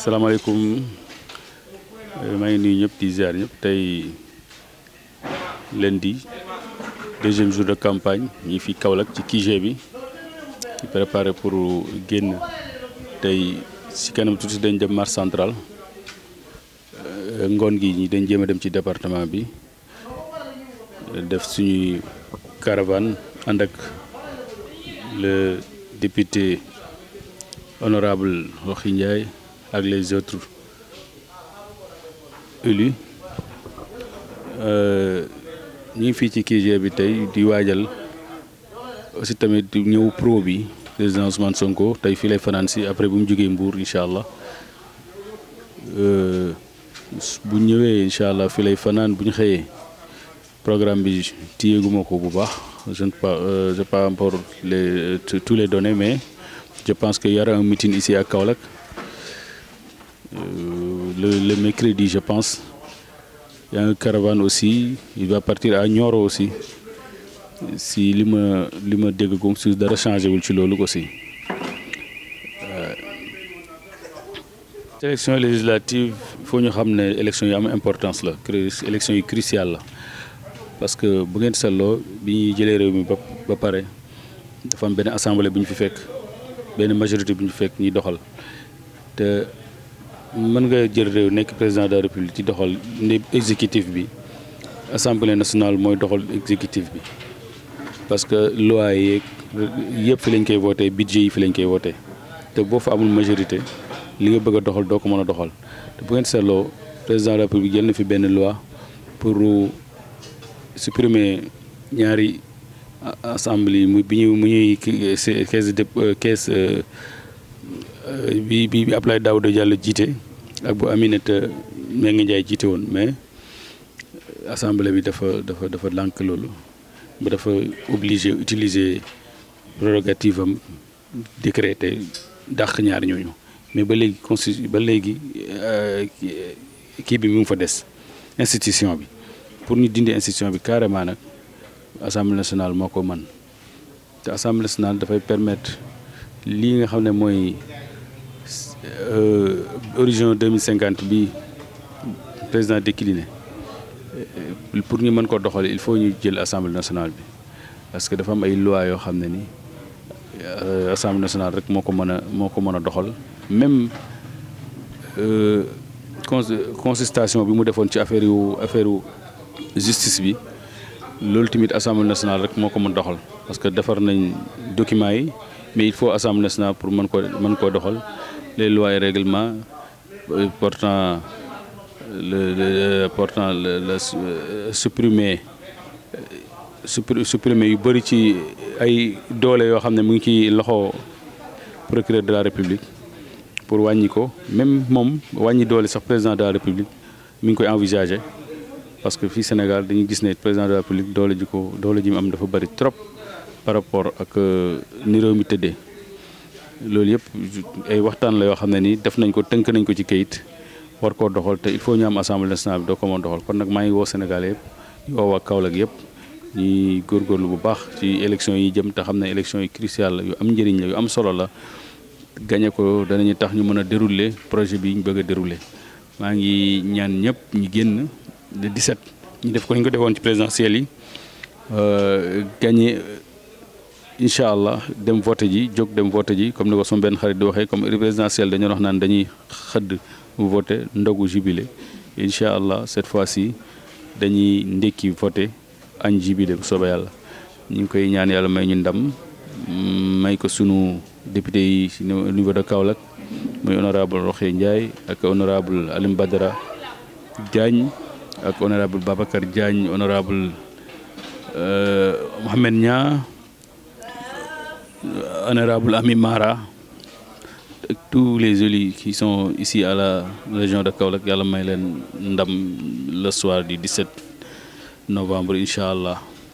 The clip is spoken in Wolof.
salaamaaleykum euh, maa ngi nuyu ñëpp di ziar ñëpp tey lundi deuxième jour de campagne ñi fi Kaolack ci QG bi ci préparé pour génn tey si kanam tuuti dañ dem marche centrale euh, ngoon gi ñi dañ jéem a dem ci département bi euh, def suñuy caravane ànd ak le député honorable Waxi ak les autres élus euh, ñu ngi fii ci QG bi tey di waajal aussi tamit ñëw pro bi président Ousmane Sonko tey fii lay fanaan si après bu mu jógee mbuur incha allah euh, bu ñëwee incha allah fii lay fanaan bu ñu xëyee programme bi téyeeguma ko bu baax je ne pas euh, je pas encore les tous les données mais je pense que y aura un meeting ici à Kaolack. Euh, le, mais crédit je pense. Il y a aussi, il va partir à Nioro aussi. Si li ma li ma dégg ko si dara changé wul ci loolu aussi. élection législative foo ñu xam ne élection yi am importance la élection yi cruciale la parce que bu ngeen seetloo bi ñuy jëlee réew mi ba ba pare dafa am benn assemblée bu ñu fi fekk benn majorité bu ñu fekk ñuy doxal mën nga jël réew nekk président de la république ci doxal ni exécutif bi assemblée nationale mooy doxal exécutif bi parce que loi yeeg yëpp fi lañ koy voté budget yi fi lañ koy voté te boo fa amul majorité li nga bëgg a doxal doo ko mën a doxal te bu ngeen seetloo président de la république jël na fi benn loi pour supprimer ñaari assemblée yi mu bi ñuy mu ñuy euh, caisse euh, caisse euh, Euh, bi bi Abdoulaye Daouda Diallo jiite ak bu Aminata Mbengue Ndiaye jiite woon mais euh, assemblée bi dafa dafa dafa lànk loolu ba dafa obligé utiliser prérogative am décrété dàq ñaar ñooñu mais ba léegi constitu ba léegi euh, kii bi mu fa des institution bi pour ñu dindi institution bi carrément nag assemblée nationale moo ko mën te assemblée nationale dafay permettre. lii nga xam ne mooy euh, deux horizon cinquante bi président de décliné pour ñu mën ko doxal il faut ñu jël assemblée nationale bi parce que dafa am ay loi yoo xam ne ni euh, assemblée nationale rek moo ko mën a moo ko mën a doxal même euh, consultation bi mu defoon ci affaire yu affaire yu justice bi loolu tamit assemblée nationale rek moo ko mën doxal parce que defar nañ documents yi mais il faut assemblée nationale pour mën ko mën koo doxal les lois et règlements euh, portant le euh, portant la euh, supprimer supprimer yu bëri ci ay doole yoo xam ne mu ngi ci loxo procureur de la république pour wàññi ko même moom wàññi doole sax président de la république mi ngi koy envisager parce que fii Sénégal dañuy gis ne président de la république doole ji ko doole ji mu am dafa bëri trop par rapport ak euh, ni réew mi tëddee loolu yëpp ay waxtaan la yoo xam ne nii def nañ ko tënk nañ ko ci kayit war koo doxal te il faut ñu am assemblée nationale bi doo ko mën doxal kon nag maa ngi woo Sénégal yëpp ñu waa Kaolack yëpp ñuy góorgóorlu bu baax ci élection yi jëm te xam ne élection yi crucial la yu am njëriñ la yu am solo la gañe ko danañu tax ñu mën a dérouler projet bi ñu bëgg a dérouler maa ngi ñaan ñëpp ñu génn le 17 ñu def ko ñu ko defoon ci présidentielles yi euh, incha allah dem vote ji jóg dem vote ji comme ni ko sama benn xarit di waxee comme présidentielle dañu wax naan dañuy xëdd vote ndogu jubilé incha allah cette fois ci dañuy ndékki vote añ jubilé bu soobee yàlla ñu ngi koy ñaan yàlla may ñu ndam may ko sunu député yi au niveau de Kaolack muy honorable Roxé Ndiaye ak honorable Alim Badara ak honorable Babacar Diagne honorable euh, Mohamed Nia honorable Ami Mara tous les élus qui sont ici à la région de Kaolack yàlla may leen ndam le soir du sept novembre incha allah.